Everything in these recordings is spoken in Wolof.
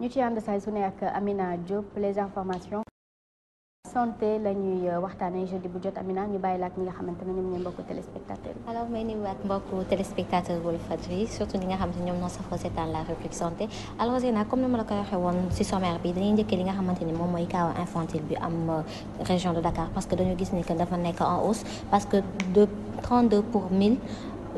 ñu ci ànd saay su ne ak Amina Diop les informations santé la ñuy euh, waxtaanee jeudi bu jot Amina ñu bàyyi la ak ñi nga xamante ne ñoom ñooy mbokku téléspectateur yi. alors may nuyuwaat mbokku téléspectateur Walfadjri surtout nga xamante ñoom ñoo safoo seetaan la rubrique santé alors Zeyna comme ni ma la ko waxee woon ci sommaire bi dañuy njëkkee li nga xamante ni moom mooy cas infantile bi am euh, région de Dakar parce que dañoo gis ni que dafa nekk en hausse parce que de 32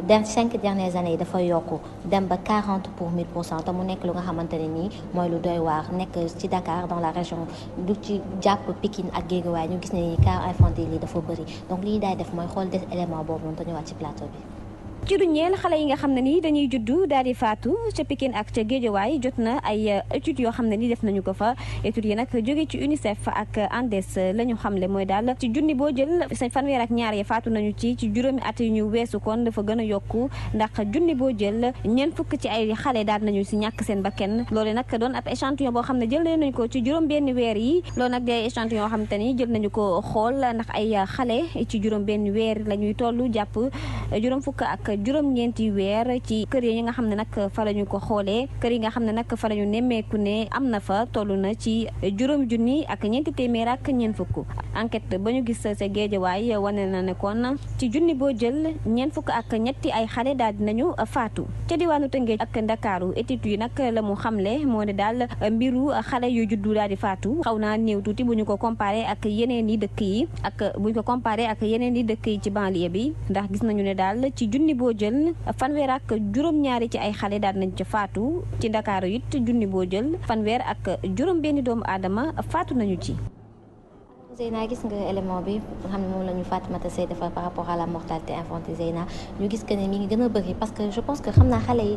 dans cinq dernières années yi dafa yokk dem ba 40 pour 1000 pour cent te mu nekk lu nga xamante ne nii mooy lu doy waar nekk ci Dakar dans la région du ci jàpp Pikine ak Guédiawaye ñu gis ne ni cas infantile yi dafa bëri donc li ñu daay def mooy xool des élément boobu noonu te ñëwaat ci plateau bi ci lu ñeel xale yi nga xam ne ni dañuy juddu daal di faatu ca Pikine ak ca waay jot na ay euh, études yoo xam ne ni def nañu ko fa études yi nag jóge ci UNICEF ak ANDES euh, la ñu xamle mooy daal ci junni boo jël sa ak ñaar faatu nañu ci ci juróomi at yu ñu weesu kon dafa gën a yokku ndax junni boo jël ñeent fukk ci ay xale daal nañu si ñàkk seen bakken loolu nag doon ab boo xam ne jël nañu ko ci juróom benn weer yi loolu nag day échantillon yoo xam te ni jël nañu ko xool ndax ay xale ci juróom benn weer la ñuy toll jàpp juróom fukk ak juróom-ñeenti weer ci kër yi nga xam ne nag fa la ñu ko xoolee kër yi nga xam ne nag fa la nemmeeku ne am na fa toll na ci juróom junni ak ñeenti téeméer ak ñeent fukk enquête ba ñu gis sa géejawaay wane na ne kon ci junni boo jël ñeent fukk ak ñetti ay xale daal dinañu faatu ca diwaanu Tëngéej ak Ndakaaru étude yi nag la mu xamle moo ne daal mbiru xale yu juddu daal di faatu xaw naa néew tuuti bu ñu ko comparé ak yeneen yi dëkk yi ak bu ñu ko comparé ak yeneen yi dëkk yi ci banlieue bi ndax boo jël fanweer ak juróom-ñaari ci ay xale daal nañ ca faatu ci ndakaaru it junni boo jël fanweer ak juróom benni doomu aadama faatu nañu ci Zeyna gis nga élément bi xam ne moom la ñu Fatimata Sey defar par rapport à la mortalité infantile Zeyna ñu gis que ne mi ngi gën a bëri parce que je pense que xam naa xale yi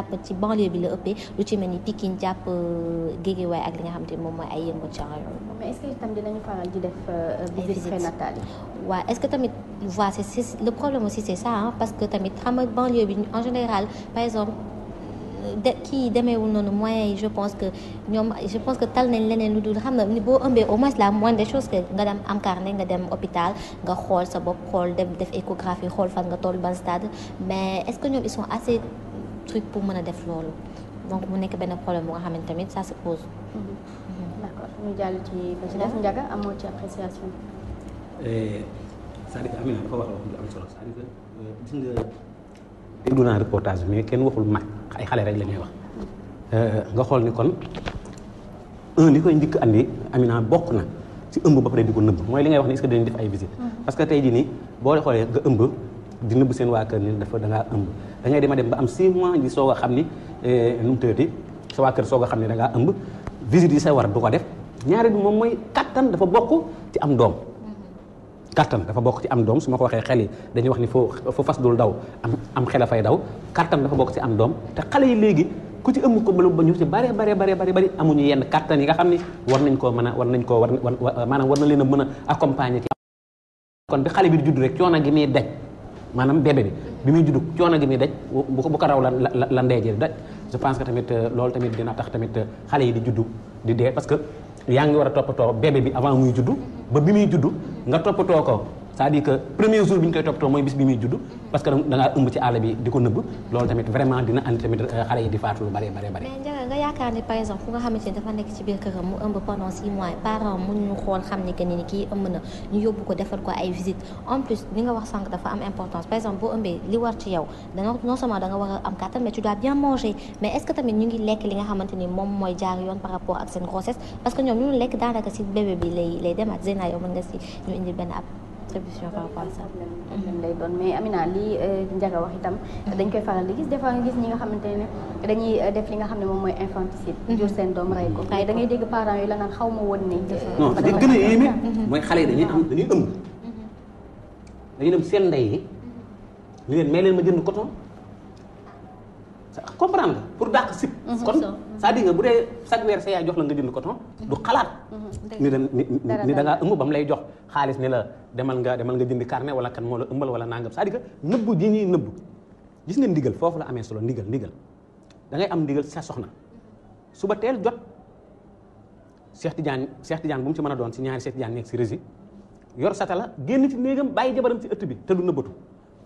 jàpp ci banlieue bi la ëppee lu ci mel euh, que tam dinañu faral di def euh, visite prénatale yi parce que tamit xam nga banlieue bi en général par exemple de kii demeewul noonu moyens je pense que ñoom je pense que tal nañ leneen lu dul xam na ni boo ëmbee au moins la moindre des choses que nga dem am carnet nga dem hôpital nga xool sa bop xool dem def échographie xool fan nga toll ban stade mais est que ñoom ils sont assez truc pour mën a def loolu donc mu nekk benn problème bu nga xamante tamit ça se pose. Mhm. Mhm. d'accord ñu jàll njaga amoo ci appréciation. Eh, wax am solo c'est-à-dire euh, que naa reportage bi mais kenn waxul mag ay xale rek la ñuy wax euh, nga xool ni kon un li koy njëkk andi Amina bokk na ci ëmb ba pare di ko nëbb mooy li ngay wax ni est que dañuy def ay visite mhm. parce que tey jii nii boo xoolee nga ëmb di nëbb seen waa kër ni dafa dangaa ëmb da dem a dem ba am 6 mois di soog xam ni eh, nu mu tëddee sa kër soo a xam ni da ngaa ëmb visite yi sa war du ko def ñaare bi moom mooy kattan dafa bokk ci am doom. kattan dafa bokk ci am doom su ma ko waxee xel yi dañuy wax ni foo foo fas dul daw am am xel a fay daw kattan dafa bokk ci am doom te xale yi léegi ku ci ëmb ko ba ba ñu ci bare bare bare bare bëri amuñu yenn kattan yi nga xam ni war nañ koo mën war nañ koo war maanaam war na leen a mën a accompagner ci kon xale bi di judd rek coono gi muy daj maanaam bébé bi bi muy juddu coono gi muy daj bu bu ko raw la la la ndey ji daj je pense que tamit euh, loolu tamit dina tax tamit euh, xale yi di juddu di dee parce que yaa ngi war a toppatoo bébé bi avant muy juddu ba bi muy juddu nga toppatoo ko c'est-à-dire que premier jour bi ñu koy toppatoo mooy bis bi muy judd parce que da ëmb ci àll bi di ko nëbb loolu tamit vraiment dina andi tamit euh, di faatu lu bare bare bare mais nga xamante ni kii ëmb na ñu yóbbu ko defal ko ay visite en plus li nga wax sànq dafa am importance par exemple boo ëmbee li war ci yow non seulement da war a am kàttan mais tu dois bien manger mais est-ce que tamit ñu ngi lekk li nga xamante ni moom mooy jaar yoon par rapport ak contribution par rapport à ça. Mm-hmm. lay doon mais Amina lii euh, Ndiaga wax itam dañ koy faral di gis des fois nga gis ñi nga xamante ne dañuy euh, def li nga xam ne moom mooy infanticide. Mm-hmm. jur seen doom rey ko. mais da ngay dégg parents yi la naan xaw ma woon nii. non li gën a yéeme mooy xale yi dañuy am dañuy ëmb. Mm-hmm. dañuy dem seen ndey yi. ñu leen may leen ma jënd coton. comprendre nga pour dàq sip. kon. saa à bu dee chaque weer sa yaay jox la nga jënd coton mm-hmm. du xalaat mm-hmm. ni da ni ëmb ba lay jox xaalis ne la demal nga demal nga jëndi carnet wala kan moo la ëmbal wala nangam cest nëbbu ji ñuy nëbbu gis nga ndigal foofu la amee solo ndigal ndigal da am ndigal sa soxna suba teel jot Cheikh Tidiane Cheikh Tidiane bu mu ci mën a doon ci ñaari Cheikh Tidiane nekk si rési yor sata la génn ci néegam bàyyi jabaram ci ëtt bi te du nëbbatu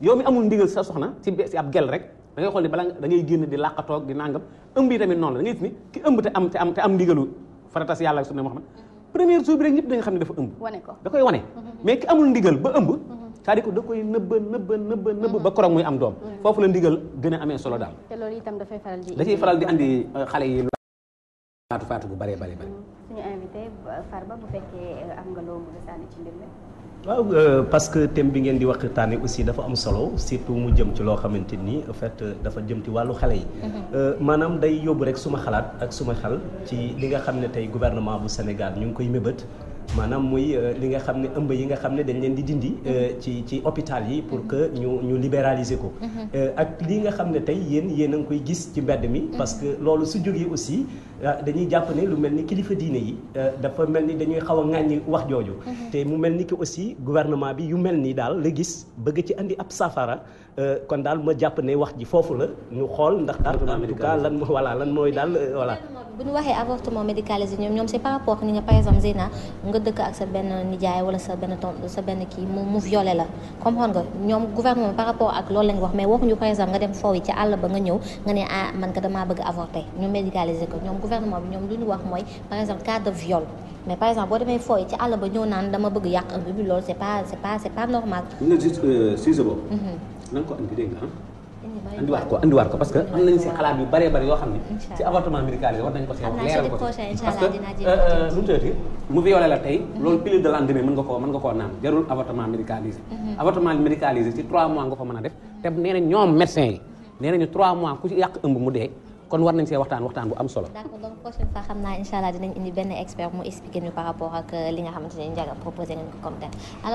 yow mi amul ndigal sa soxna ci si ab gel rek da xool ni bala da ngay génn di làqatoog di nàngam ëmb yi tamit noonu la da ngay gis ni ki ëmb te am te am ndigalu faratas yàlla ak sunna Muhammad mm-hmm. premier jour bi rek ñëpp da xam ne dafa ëmb da koy wane mm-hmm. mais ki amul ndigal ba ëmb mm-hmm. c'est-à-dire que da koy nëbba nëbba nëbba nëbba ba koroog muy am doom foofu la ndigal gën a amee solo daal te loolu tam dafay faral di da faral di andi euh, xale yi faatu faatu bu bu fekkee euh, am nga loo mën a sànni waaw euh, parce que thème bi ngeen di waxtaanee aussi dafa am solo surtout mu jëm ci loo xamante ni en fait euh, dafa jëm ci wàllu xale yi. Mhm. Euh, maanaam day yóbbu rek suma xalaat ak suma xel ci li nga xam ne tey gouvernement bu Sénégal ñu ngi koy mébét. maanaam mooy euh, li nga xam ne ëmb yi nga xam ne dañ leen di dindi euh, mm-hmm. ci ci hôpital yi pour que ñu ñu libéraliser ko mm-hmm. euh, ak li nga xam ne tey yéen yéen a ngi koy gis ci mbedd mi mm-hmm. parce que loolu su jógee aussi dañuy jàpp ne lu mel ni kilifa diine yi dafa mel ni dañuy xaw a ŋàññi wax jooju te mu mel ni que aussi gouvernement bi yu mel ni daal la gis bëgg ci indi ab safara Euh, kon daal ma jàpp ne wax ji foofu la ñu xool ndax daal en tout cas lan voilà lan mooy daal euh, voilà bu ñu waxee avortement médicalisé ñoom ñoom c'est par rapport ni nga par exemple Zeyna nga dëkk ak sa benn nijaay wala sa benn ton sa benn kii mu mu violé la comprendre nga ñoom gouvernement par rapport ak loolu lañ wax mais waxuñu par exemple nga dem foofu ci àll ba nga ñëw nga ne ah man ka damaa bëgg avorter ñu médicalisé ko ñoom gouvernement bi ñoom lu ñu wax mooy par exemple cas boo demee fooy ci àll ba ñëw naan dama bëgg yàq un bébé loolu c'est pas na nga ko andi dégg nga ah. andiwaat ko andiwaat ko parce que am nañ si xalaat yu bëree bëri yoo xam ne. ci avortement médical war nañ ko seet. leeral que lu euh, euh, mu tëddee. mu violé la tey mhm. loolu pilule de lendemain mën nga koo mën nga koo naan jarul avortement médicalisé. Mhm. avortement médicalisé ci 3 mois nga ko mën a def te nee na ñoom médecin yi nee nañu 3 mois ku ci yàq ëmb mu dee kon war nañ see waxtaan waxtaan bu am solo. d'accord donc prochaine fois xam naa incha allah benn expert mu expliquer ñu par rapport ak euh, li nga xamante ne Ndiaga proposé nañ ko comme tel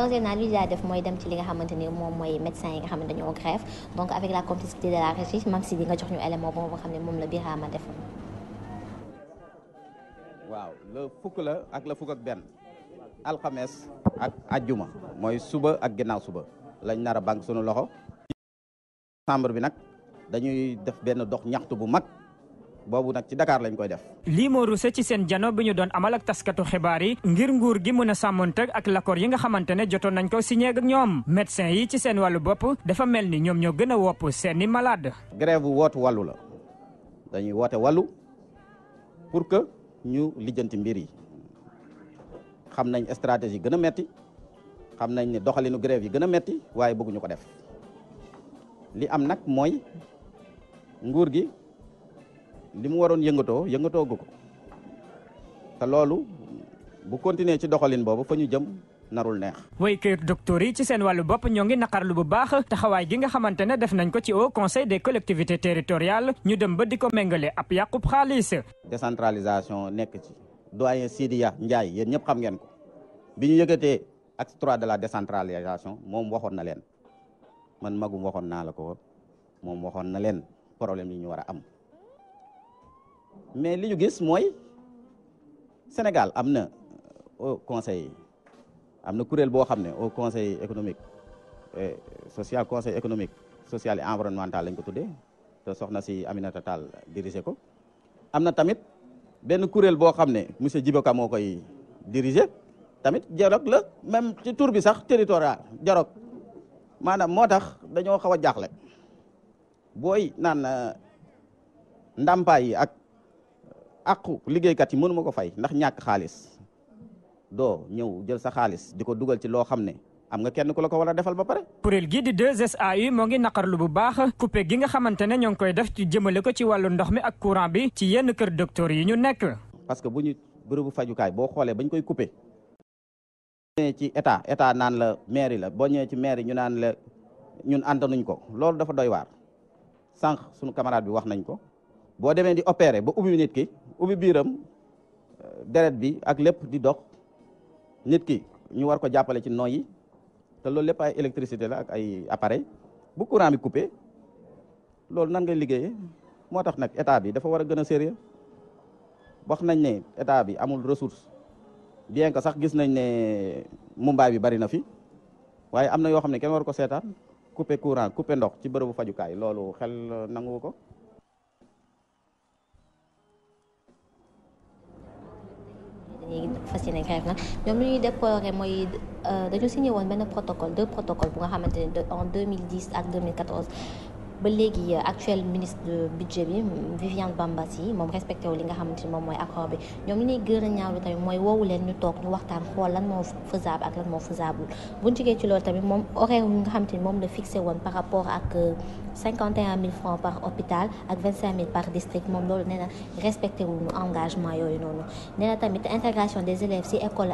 li ñu def mooy dem ci li nga xamante ni moom mooy médecin yi nga xam ne dañoo jox ñu élément boobu moom la Birama def waaw la fukk la ak la fukk ak benn alxames ak ajjuma mooy suba ak ginnaaw suba lañ nar a sunu loxo. décembre bi nag dañuy def benn do ñaxtu bu mag. boobu nag ci Dakar lañ koy def. lii moo ruse ci seen jano bi ñu doon amal ak taskatu xibaar yi ngir nguur gi mën a sàmmoon sàmmonteeg ak l'accord yi nga xamante ne jotoon nañ ko signé ak ñoom médecins yi ci seen wàllu bopp dafa mel ni ñoom ñoo gën a wopp seeni malade. grève wootu wàllu la dañuy woote wàllu pour que ñu lijjanti mbir yi xam nañ stratégie gën a metti xam nañ ne doxalinu grève yi gën a metti waaye bëgguñu ko def li am nag mooy nguur gi. li mu waroon yëngatoo yëngatoo ko te loolu bu continuer ci doxalin boobu fa ñu jëm narul neex. waykër docteur yi ci seen wàllu bopp ñoo ngi naqarlu bu baax taxawaay gi nga xamante ne def nañ ko ci haut conseil des collectivité territorial ñu dem ba di ko méngale ab yàqub xaalis. décentralisation nekk ci doyen Sidiya Ndiaye yéen ñëpp xam ngeen ko bi ñu yëgatee acte trois de la décentralisation moom waxoon na leen man magum waxoon naa la ko moom waxoon na leen problème yi ñu war a am. mais li ñu gis mooy Sénégal am na euh, au conseil am na kuréel boo xam ne au conseil économique et social conseil économique social et environnemental lañ ko tuddee te soxna si Aminata Tall diriger ko am na tamit benn kuréel boo xam ne monsieur Djiboka moo koy diriger tamit dialogue la même ci tur bi sax territorial dialogue maanaam moo tax dañoo xaw a jaaxle booy naan euh, ndàmpaay yi aqu liggéeykat yi mënu ma ko fay ndax ñàkk xaalis doo ñëw jël sa xaalis di ko dugal ci loo xam ne am nga kenn ku la ko war a defal ba pare. kuréel gii di 2SAU moo ngi naqarlu bu baax coupé gi nga xamante ne ñoo ngi koy def ci jëmale ko ci wàllu ndox mi ak courant bi ci yenn kër docteur yi ñu nekk. parce que bu ñu bërëbu fajukaay boo xoolee bañ koy coupé. ñëwee ci état état naan la mairie la boo ñëwee ci mairie ñu naan la ñun àndanuñ ko loolu dafa doy waar sànq suñu camarade bi wax nañ ko boo demee di ubbi biiram euh, deret bi ak lépp di dox nit ki ñu war ko jàppale ci yi te loolu lépp ay électricité la ak ay appareil bu courant bi coupé loolu nan ngay moo tax nag état bi dafa war a gën a sérieux wax nañ ne état bi amul ressource bien que sax gis nañ ne Mumbai bi bari na fi waaye am na yoo xam ne kenn war ko seetaan coupé courant coupé ndox ci bërëbu fajukaay loolu xel nangu ko ñi fas yéene grève nag ñoom lu ñuy déplorer mooy euh, dañu signé woon benn protocole deux protocoles bu nga xamante ne en 2010 ak 2014 ba léegi euh, actuel ministre de budget bi Viviane Bambassi moom respecté li nga xamante ni moom mooy accord ñoom ñu a ñaawlu tamit mooy woowu leen ñu toog ñu waxtaan xool lan moo faisable ak lan moo faisable buñ jigee ci loolu tamit moom horaire yi nga xamante ni moom la fixé woon par rapport ak 51 euh, 000 francs par hôpital ak 25 000 par district moom loolu nee na respecté wuñu engagement yooyu noonu nee tamit intégration des élèves si école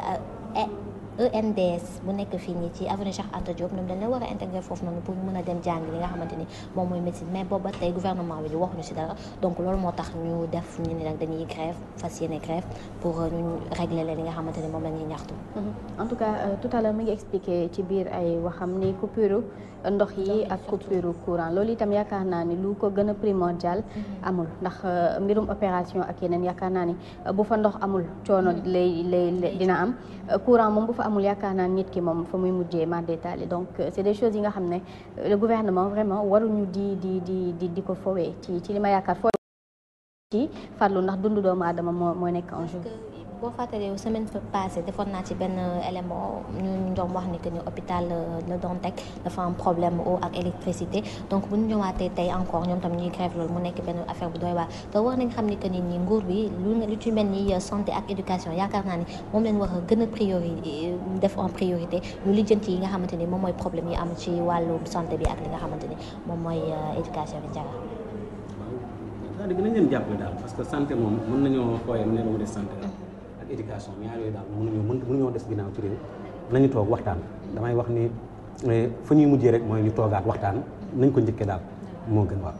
euh, ENDS bu nekk fii nii ci avenue Cheikh Anta Diop ñoom dañ la war a intégré foofu noonu pour ñu mën a dem jàng li nga xamante ni moom mooy médecine mais booba tey gouvernement waxuñu si dara donc loolu moo tax ñu def ñu ne nag dañuy grève pour euh, régler leen li nga xamante ni moom la ñuy ñaxtu mhm. en tout cas euh, tout à l'heure mi ngi expliqué ci biir ay waxam ni coupure ndox yi ak coupure courant loolu itam yaakaar naa ni lu ko gën a primordial mhm. amul ndax euh, mbirum opération ak yeneen yaakaar naa ni euh, bu fa ndox amul coono mhm. lay lay dina am euh, courant moom bu fa amul yaakaar naa nit ki moom fa muy mujje ma détaillé donc c'est des choses yi nga xam ne le gouvernement vraiment waruñu di di di di di ko fowee ci ci li ma yaakaar fowee ci ndax dundu doomu aadama moo moo boo fàttalee semaine fa passée defoon naa ci benn euh, élément ñu doon wax ni que ni hôpital euh, Le Dantec dafa problème eau ak électricité donc bu ñu ñëwaatee tey encore ñoom tam ñuy grève loolu mu nekk benn affaire bu doy waar te war nañ xam ni que ni nguur bi lu lu ci mel ni euh, santé ak éducation yaakaar naa ni moom leen wax a gën a priorité def en priorité ñu yi nga xamante ni moom mooy problème yi am ci wàllu santé bi ak li nga xamante ni moom mooy éducation bi jaga cest à a leen jàppale ne la mu des santé ak éducation ñaar yooyu daal des ginnaaw ci réew nañu toog waxtaan damay wax ni eh, fa ñuy mujjee rek mooy ñu toogaat waxtaan nañ ko njëkkee daal moo gën waaw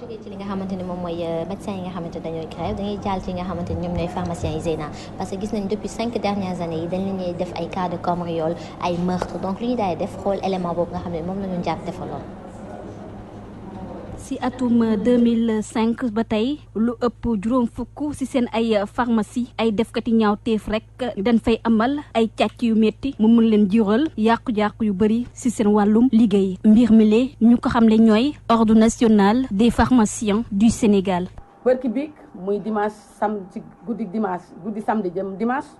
jógee ci li nga xamante ni moom mooy euh, médecins yi nga xamante dañooy grève dañuy jàll ci nga xamante ni ñoom ñooy pharmaciens yi Zeyna parce que gis nañ depuis cinq dernières années yi dañ leen def ay cas de cambriole ay meurtre donc li ñu daay def xool élément boobu nga xam ne moom la ñu jàpp defaloon si atum 2005 euh, ba tey lu ëpp juróom fukk ci seen ay euh, pharmacie ay defkati teef rek dañ fay amal ay càcc yu metti mu mun leen jural yàqu-yàqu yu bari ci seen wàllum liggéey mbir mi lee ñu ko xam le ñooy ordre national des pharmaciens du Sénégal bërki biig muy dimanche sam ci guddi dimanche guddi samedi jëm dimanche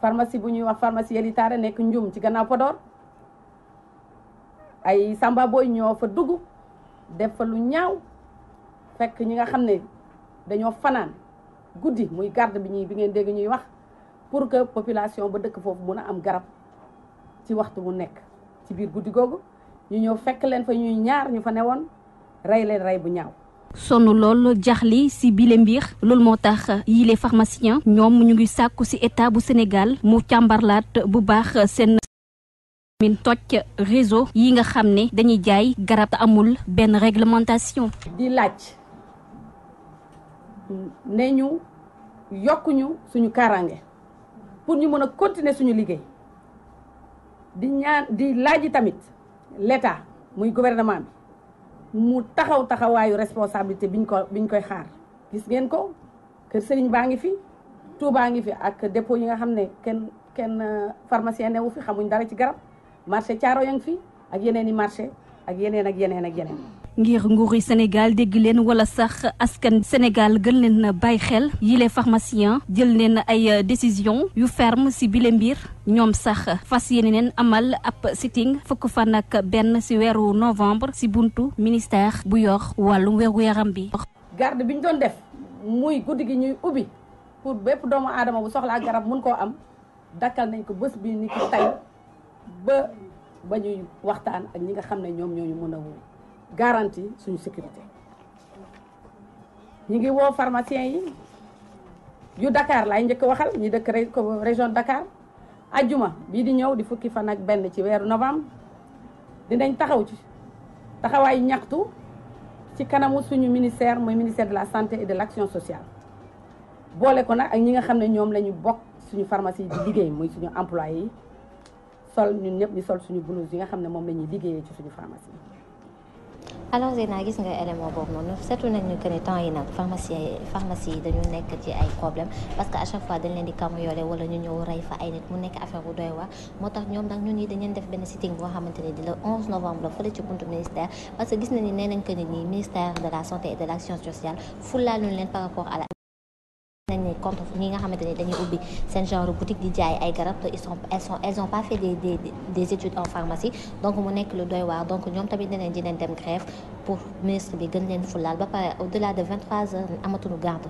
pharmacie bu ñuy wax pharmacie Yelitaare nekk njum ci gannaaw Podor ay samba booy ñoo fa dugg def fa lu ñaaw fekk ñi nga xam ne dañoo fanaan guddi muy garde bi ñuy bi ngeen dégg ñuy wax pour que population ba dëkk foofu mun a am garab ci waxtu mu nekk ci biir guddi googu ñu ñëw fekk leen fa ñuy ñaar ñu fa ne woon rey leen rey bu ñaaw. sonn lool jaxli si bile mbir loolu moo tax yile pharmacien ñoom ñu ngi sàkku si état bu Sénégal mu càmbarlaat bu baax seen. min toj réseau yi nga xam ne dañuy jaay garab te amul benn réglementation di laaj ne ñu yokk ñu suñu kaaraange pour ñu mën a continuer suñu liggéey di ñaan di laaj tamit l'État muy gouvernement bi mu taxaw taxawaayu responsabilité biñ ko biñ koy xaar gis ngeen ko kër Serigne baa ngi fi baa ngi fi ak dépôt yi nga xam ne kenn kenn pharmacien newu fi xamuñ dara ci garab marché caaro yang fi ak yeneen i marché ak yeneen ak yeneen ak yeneen ngir nguuri Sénégal dégg leen wala sax askan Sénégal gën leen bàyyi xel yile pharmacien jël leen ay décision yu ferm si bile mbir ñoom sax fas yéene neen amal ab sitting fukk fan ak benn si weeru novembre ci buntu ministère bu yor wàllum wérgu yaram bi. garde bi ñu doon def muy guddi gi ñuy ubbi pour bépp doomu aadama bu soxlaa garab mun koo am dakkal nañ ko bés bi ni ki tey ba ba ñuy waxtaan ak ñi nga xam ne ñoom ñooñu mën a garantie suñu sécurité ñi ngi woo pharmacien yi yu dakaar laay njëkk waxal ñi dëkk région Dakar ajjuma bii di ñëw di fukki fan ak benn ci weeru novembre dinañ taxaw ci taxawaayu ñaxtu ci kanamu suñu ministère mooy ministère de la santé et de l'action sociale boole ko nag ak ñi nga xam ne ñoom la ñu bokk suñu pharmacie bi liggéey muy suñu employé yi sol ñun ñëpp ñu sol suñu blouse yi nga xam ne moom la liggéeyee ci suñu pharmacie alors Zeyna gis nga élément boobu noonu seetu nag ñu ñëw rey fa ay nit mu nekk moo tax ñoom nag ñun yi dañ def benn sitting boo xamante ne novembre fële ci buntu ministère parce que gis nañ ni nee nañ ni ministère de la santé et de l' action sociale fulaaluñ leen par rapport à la contre ñi nga xamante ne ubbi seen genre boutique di jaay ay garab te ils sont pas fait des études en pharmacie donc mu nekk lu doy waar donc ñoom tamit neneen dineen dem grève pour ministre bi gën leen fulaal ba pare au delà de 23 amatuñu garde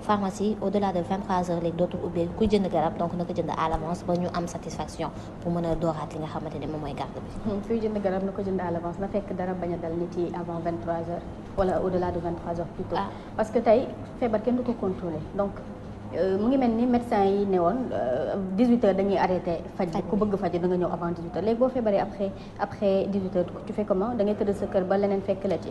pharmacie au delà de 23 heures léegi ubbi kuy jënd garab donc na jënd à l'avance ba ñu am satisfaction pour mën a dooraat li nga xamante moom mooy garde bi. kuy jënd garab na ko jënd à l'avance a dal Euh, mu ngi mel ni médecin yi ne woon 18h euh, dañuy arrêté faj ku bëgg faj danga ñëw avant 18h léegi boo feebaree après après 18h tu fais comment da sa kër ba leneen fekk la ci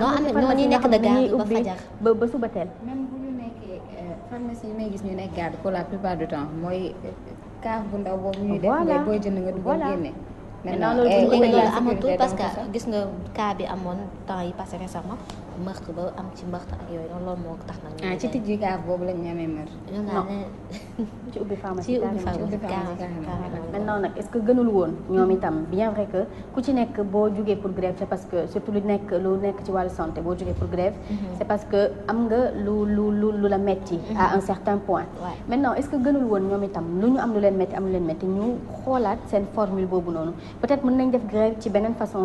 doo am ñoo ñuy nekk de garde ba fajar ba ba suba teel. même bu ñu nekkee euh, may gis ñu nekk garde pour la plupart de temps mooy kaaf euh, bu ndaw boobu ñuy def. voilà booy jënd nga du ko génne. maintenant loolu eh, amatul gis nga cas bi amoon temps yi passé récemment meurtre ba am ci meurtre ak yooyu moo tax nag. ah ci tijji gaaf boobu lañ ñamee meurtre. non ci ubbi est-ce que gënul woon ñoom itam bien vrai que ku ci nekk boo jugee pour grève c'est parce que surtout lu nekk lu nekk ci wàllu santé boo jugee pour grève. Mhm. c'est parce que am nga lu lu lu lu la metti mhm. à un certain point. maintenant est-ce que gënul woon ñoom itam lu ñu am lu leen metti am lu leen metti ñu xoolaat seen formule boobu noonu peut-être mën nañ def grève ci beneen façon.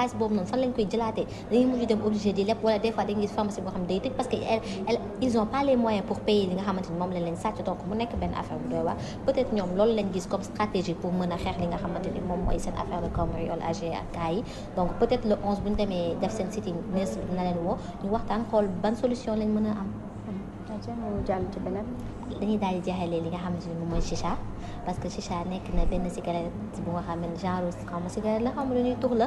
xaalis boobu noonu fan lañ koy jëlaatee dañuy mujj dem obligé di lépp wala des fois dañuy gis pharmacie boo xam ne day tëj parce que ils ont pas les moyens pour payer li nga moom lañ affaire bu comme stratégie pour mën a xeex donc peut-être le 11 bu ñu demee def seen sitting ministre dina leen woo ñu waxtaan xool ban solution lañ mën a am jàll ci beneen dañuy daal di jeexalee li nga xamante ni mooy chicha parce que chicha nekk na benn cigarette bu nga xam ne genre xaw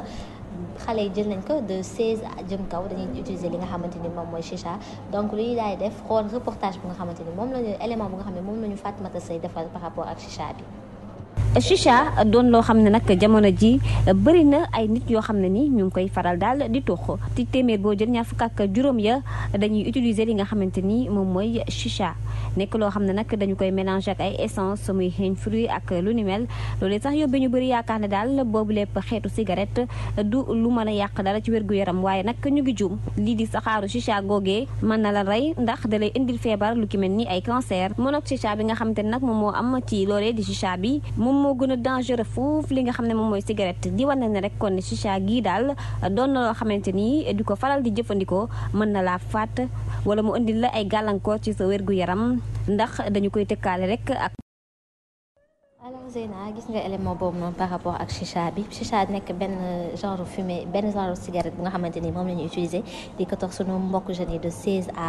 xale yi jël nañ ko de 16 jëm kaw dañuy utiliser li nga xamante ni moom mooy chicha donc lu ñuy daay def xool reportage bu nga xamante ni moom la élément bu nga xam ne moom la ñu Fatoumata Seye defal par rapport ak chicha bi chicha doon loo xam ne nag jamono ji bëri na ay nit yoo xam ne ni ñu ngi koy faral daal di tuux ci téeméer boo jël ñaar fukk ak juróom ya dañuy utiliser li nga xamante ni moom mooy chicha nekk loo xam ne nag dañu koy mélanger ay essence muy xeeñ fruit ak lu ni mel loolee sax yóbbee ñu bëri yaakaar ne daal boobu lépp xeetu cigarette du lu mën a yàq dara ci wérgu yaram waaye nag ñu ngi juum lii di saxaaru chicha googee mën na la rey ndax da indil feebar lu ki mel ni ay cancer monog chicha bi nga xamante ni nag moom moo am ci loolee di chicha bi moom moo gën a dangereux foofu li nga xam ne moom mooy cigarette di wane ne rek kon chicha gii daal doon na loo xamante ni di ko faral di jëfandikoo mën na laa faat wala mu indil la ay gàllankoor ci sa wérgu yaram ndax dañu koy tëkkaale rek ak. alors Zeyna gis nga élément boobu noonu par rapport ak chicha bi chicha nekk benn genre fumée benn genre cigarette bu nga xamante ni moom la ñu utiliser di ko toog sunu mbokk jeunes de 16 à.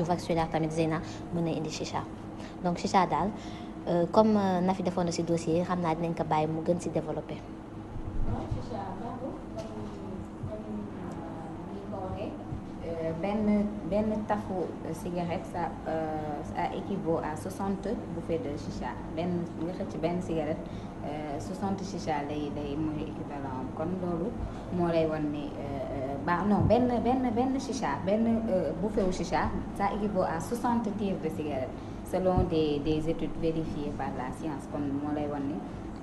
Diouf ak Sulaar tamit Zeyna mën na indi chicha donc chicha daal euh, comme euh, na fi defoon na si dossier xam naa dinañ ko bàyyi mu gën si développé. Euh, benn benn tafu cigarette ça ça équivaut à 60 bouffées de chicha benn nga xëcc benn cigarette 60 chicha lay lay mooy équivalent kon loolu moo lay wan ni. baax non benn benn benn chicha benn euh, bu wu chicha ça équivaut à soixante tirs de cigarette selon des des études vérifiées par la science kon moo lay wan ni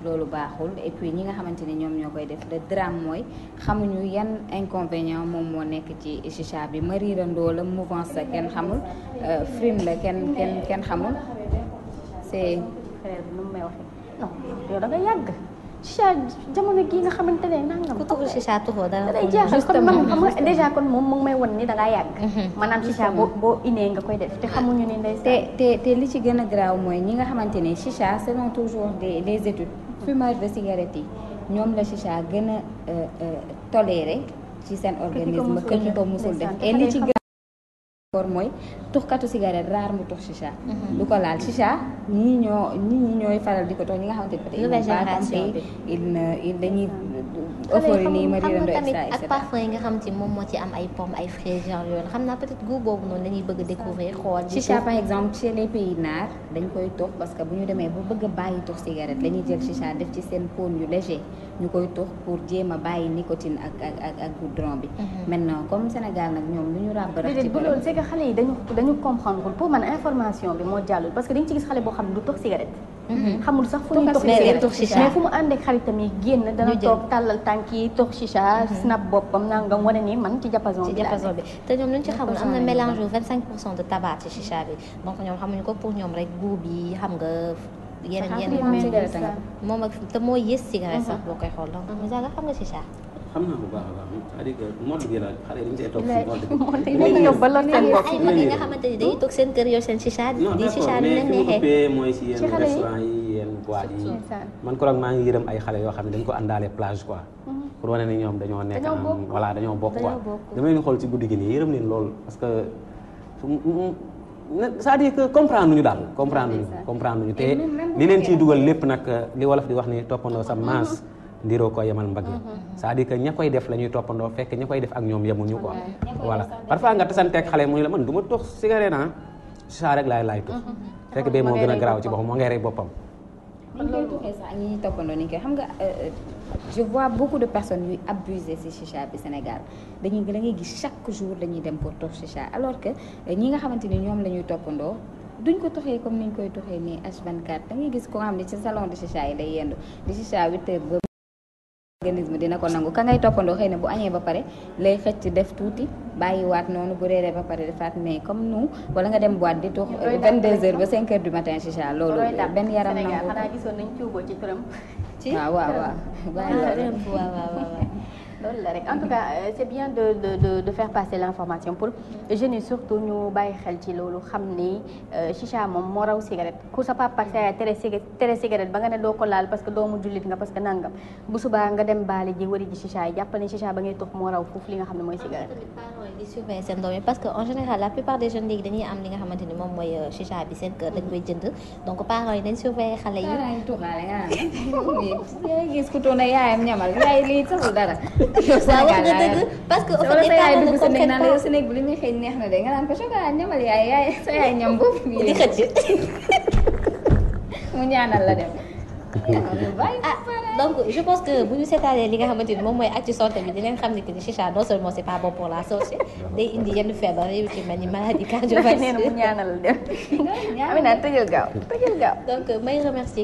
loolu baaxul et puis ñi nga xamante ni ñoom ñoo koy def le drame mooy xamuñu yan inconvénient moom moo nekk ci chicha bi ma riirandoo la mouvance la kenn xamul euh, frime la kenn kenn xamul c'est frère yàgg chicha jamono gii nga xamante ne nangam. ku tuxul chicha tuxoo dara. day jaaxal kon man xam kon moom mu may won ni da ngaa yàgg. Mhm. maanaam chicha mhm. boo boo inee nga koy def te xamuñu ne ndey. te te te li ci gën a graaw mooy ñi nga xamante ne chicha selon toujours des les études. fumeur de cigarette yi ñoom la chicha gën a euh, euh, toléré ci seen organisme que ñu ko musul def et li ci koor mooy tuxkatu cigarette rare mu tux chicha du ko laal chicha ñi ñoo ñi ñi faral di ko ñi nga xamante ne peut-être ils dañuy ëffori nii ma rirando et yi nga xam ci moom moo ci am ay pomme ay fraise genre yooyu xam naa peut la ñuy bëgg découvrir xool chicha par exemple chez les pays naar dañ koy tux parce que bu ñu demee ba bëgg a bàyyi tux cigarette la ñuy jël chicha def ci seen paume yu léger ñu koy tux pour jéem a bàyyi nicotine ak ak ak ak goudron bi maintenant comme Sénégal nag ñoom lu ñu ràbb rax ci que xale yi dañu dañu comprendre pour man information bi moo jàllul parce que dañu ci gis xale boo xam ne du tox cigarette mhm. xamul sax fu ñuy tox cigarette mais fu mu ànd ak xaritam yi génn dana toog tàllal tànk yi tox chicha mhm. snap boppam nangam wane ni man ci diapason bi te ñoom luñ ci xamul am na mélange vingt cinq pour cent de tabac ci chicha bi donc ñoom xamuñu ko pour ñoom rek goût bi xam nga yeneen yeneen moom ak te moo yées cigarette sax mhm. boo koy xool donc mu nga xam nga chicha xam naa bu baax a baax c'est-à-dire que mode bi la xale yi dañ see si mode ba la mooy si yenn restaurant yi yenn boîte man ko maa ngi yërëm ay xale yoo xam ne dañ ko àndaale plage quoi. Mhm. pour wane ne ñoom dañoo nekk. dañoo voilà dañoo bokk quoi. dama ni xool ci guddi gi nii yërëm leen lool parce que c'est-à-dire que comprendre ñu daal comprendre ñu comprendre ñu te li leen ciy dugal lépp nag li wolof di wax ni toppandoo sa maas ndiroo ko yemal mbagg mm-hmm, mm-hmm. c'est-à-dire que ña koy def la ñuy toppandoo fekk ña koy def ak ñoom yemuñu quoi mm-hmm, voilà parfois nga tasanteeg xale mu la man du ma tux cigarette ah saa rek laay laay tux fekk bee moo gën a garaaw ni ñu koy toppandoo xam nga euh, euh, je vois beaucoup de personnes yuy abusé ci chicha bi Sénégal dañuy da ngay gis chaque jour dem pour tux chicha alors que euh, ñi nga xamante ni ñoom la ñuy toppandoo duñ ko toxee comme ni ñu koy toxee nii H24 da gis ko nga xam ne ci salon de chicha yi yendu di chicha 8 organisme dina ko nangu ka ngay toppandoo xëy bu añee ba pare lay xëcc def tuuti bàyyiwaat noonu bu reeree ba pare defaat mais comme nous wala nga dem boîte di tux 22 heures ba 5 du matin chicha loolu benn yaram nangu xanaa gisoon nañ cuuboo ci loolu la rek en tout cas euh, c' bien de de de passer l' information pour jeunes surtout ñu bàyyi xel ci loolu xam ni euh, chicha moom moo raw cigarette ku sa papa tere tere cigarette ba nga ne doo ko laal parce que doomu jullit nga parce que nangam bu subaa nga dem baali ji wari ji yi jàppal ne ba ngay toog moo raw foofu li nga xam ne mooy cigarette. di surveiller seen doom yi que en général la plupart des euh, seen kër dañ koy jënd donc parents yi xale yi. Ah. gis ku tuuna yaayam waaw wax nga dëgg parce que. au fait état bi ne comprenne pas wala sa yaay neex na de nga naan ko chocolat ñamal yaay yaay sa yaay ñam boobu. di xëcc la dem. Ah, donc je pense que bu ñu li nga xamante ni moom mooy actu santé bi dinañ xam ne que ni chicha non seulement c'est pas bon pour la santé day indi yenn feebar yu ci mel ni maladie cardiovasculaire nee na mu ñaanal dem Amina tëjal gaaw tëjal gaaw donc may remercier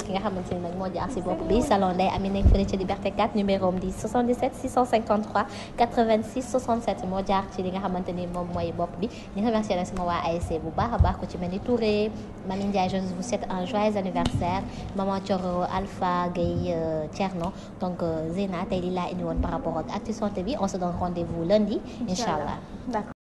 moo jaar si bopp bi salon Ndeye Ami nekk fële Liberté 4 numéro am di 77 653 86 67 moo jaar ci li nga xamante ni moom mooy bopp bi ñu remercier nag sama waa ASC bu baax a baax Alpha Gueye euh, Thierno donc euh, Zena tey li laa indi woon par rapport ak actu santé bi on se donne rendez-vous lundi incha allah